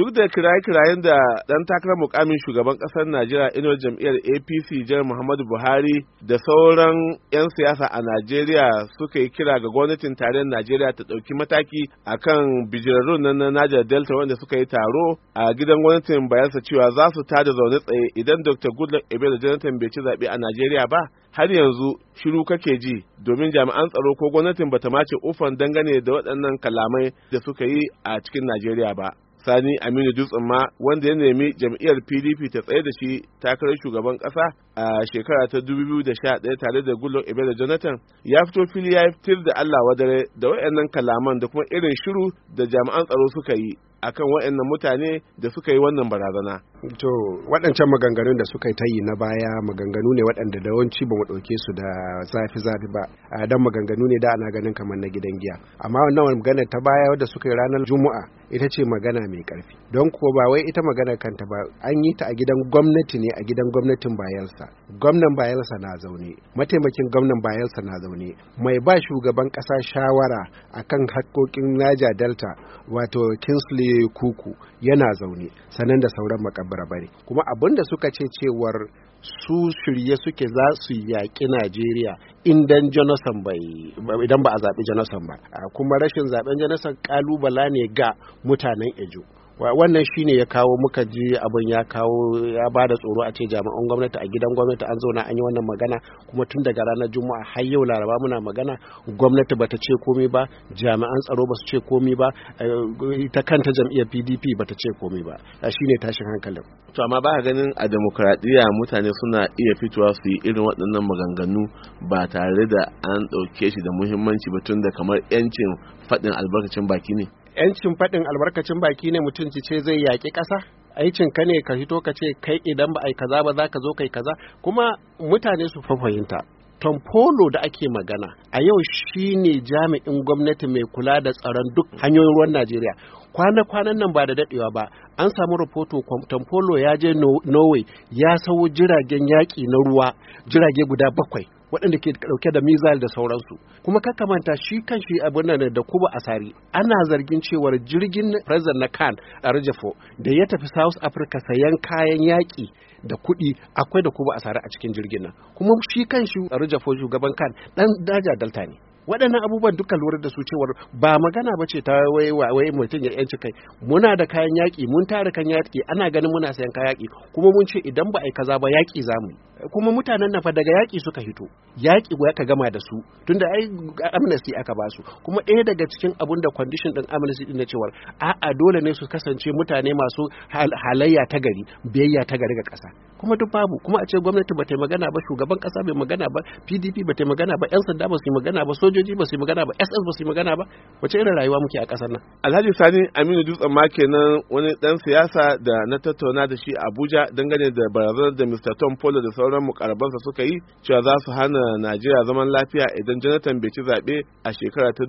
duk da kiraye-kirayen da ɗan takarar mukamin shugaban kasar najeriya inuwar jam'iyyar apc jar muhammadu buhari da sauran 'yan siyasa a najeriya suka yi kira ga gwamnatin tarayyar najeriya ta ɗauki mataki a kan bijirarrun na naja delta wanda suka yi taro a gidan gwamnatin bayansa cewa za su tada zaune tsaye idan dr goodluck ebele jonathan bai ci zaɓe a najeriya ba har yanzu shiru kake ji domin jami'an tsaro ko gwamnatin bata mace ufan dangane da waɗannan kalamai da suka yi a cikin najeriya ba sani aminu dutsen ma wanda ya nemi jam'iyyar pdp ta tsaye da shi takarar shugaban kasa a shekara ta 2011 tare da Gullo, ebele jonathan ya fito fili ya fitar da allah wadare da wayannan kalaman da kuma irin shiru da jami'an tsaro suka yi akan waɗannan mutane da suka yi wannan barazana. To waɗancan maganganun da suka yi yi na baya maganganu ne waɗanda da wanci ba mu ɗauke su da zafi zafi ba dan maganganu ne da ana ganin kamar na gidan giya amma wannan maganar ta baya wadda suka yi ranar Juma'a ita ce magana mai karfi don kuwa ba wai ita magana kanta ba an yi ta a gidan gwamnati ne a gidan gwamnatin bayelsa gwamnan bayelsa na zaune mataimakin gwamnan bayelsa na zaune mai ba shugaban kasa shawara akan hakkokin naja delta wato kingsley kuku yana zaune sanan da sauran makabara bare kuma abin da suka ce cewar su shirye suke za su yaƙi najeriya idan jonathan bai idan ba a zaɓi jonathan ba kuma rashin zaɓen jonathan ƙalubala ne ga mutanen ejo wannan shi ne ya kawo muka ji abin ya kawo ya ba da tsoro a ce jami'an gwamnati a gidan gwamnati an zauna an yi wannan magana kuma tun daga ranar juma'a har yau laraba muna magana gwamnati bata ce komi ba jami'an tsaro basu ce komi ba eh, ta kanta jam'iyyar pdp bata ce komi ba shine tashin hankalin to amma ba ganin a demokradiyya mutane suna iya fitowa su yi irin waɗannan maganganu ba tare da an ɗauke shi da muhimmanci ba tun da kamar 'yancin faɗin albarkacin baki ne 'yancin faɗin albarkacin baki ne mutum ce zai yaƙi ƙasa aicin ka ne ka hito ka ce kai idan ba a yi kaza ba za ka zo kai kaza kuma mutane su fahimta Tomfolo da ake magana a yau shi ne jami'in gwamnati mai kula da tsaron duk hanyoyin ruwan Najeriya. Kwana-kwanan nan ba da daɗewa ba, an samu rahoto Tomfolo ya je Norway ya sayo jiragen yaƙi na ruwa jirage guda bakwai. waɗanda ke ɗauke da mizal da sauransu kuma ka kamanta shi kan shi abin nan da kuba asari ana zargin cewar jirgin president na kan a rajafo da ya tafi south africa sayan kayan yaƙi da kuɗi akwai da kuba asari a cikin jirgin nan kuma shi kan shi a rajafo shugaban kan ɗan daja delta ne waɗannan abubuwan duka lura da su cewar ba magana ba ce ta wai mutum ya yanci kai muna da kayan yaƙi mun tara kan yaƙi ana ganin muna sayan kayan yaƙi kuma mun ce idan ba a yi kaza ba yaƙi za mu kuma mutanen fa daga yaƙi suka hito yaƙi ya ka gama da su tunda ai amnesty aka ba su kuma ɗaya daga cikin abun da condition din amnesty din na cewar a'a dole ne su kasance mutane masu halayya ta gari biyayya ta gari ga ƙasa kuma duk babu kuma a ce gwamnati ba ta magana ba shugaban kasa bai magana ba PDP ba ta magana ba yan sanda ba su magana ba sojoji ba su magana ba SS ba su magana ba wace irin rayuwa muke a kasar nan Alhaji Sani Aminu Dutsen ma kenan wani dan siyasa da na tattauna da shi Abuja dangane da barazanar da Mr Tom Polo da sauran mukarabansa suka yi cewa za su hana Najeriya zaman lafiya idan Jonathan bai ci zaɓe a shekara ta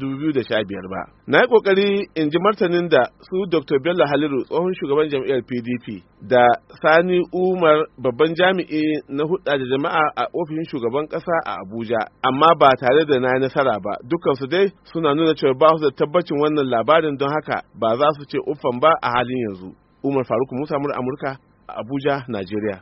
biyar ba na yi kokari in ji martanin da su Dr Bello Haliru tsohon shugaban jam'iyyar PDP da Sani Umar babban jami'i na hudda da jama'a a ofishin shugaban kasa a Abuja amma ba tare da na nasara ba dukkan su dai suna nuna cewa ba su da tabbacin wannan labarin don haka ba za su ce uffan ba a halin yanzu Umar Faruk Musa mur Amurka a Abuja Najeriya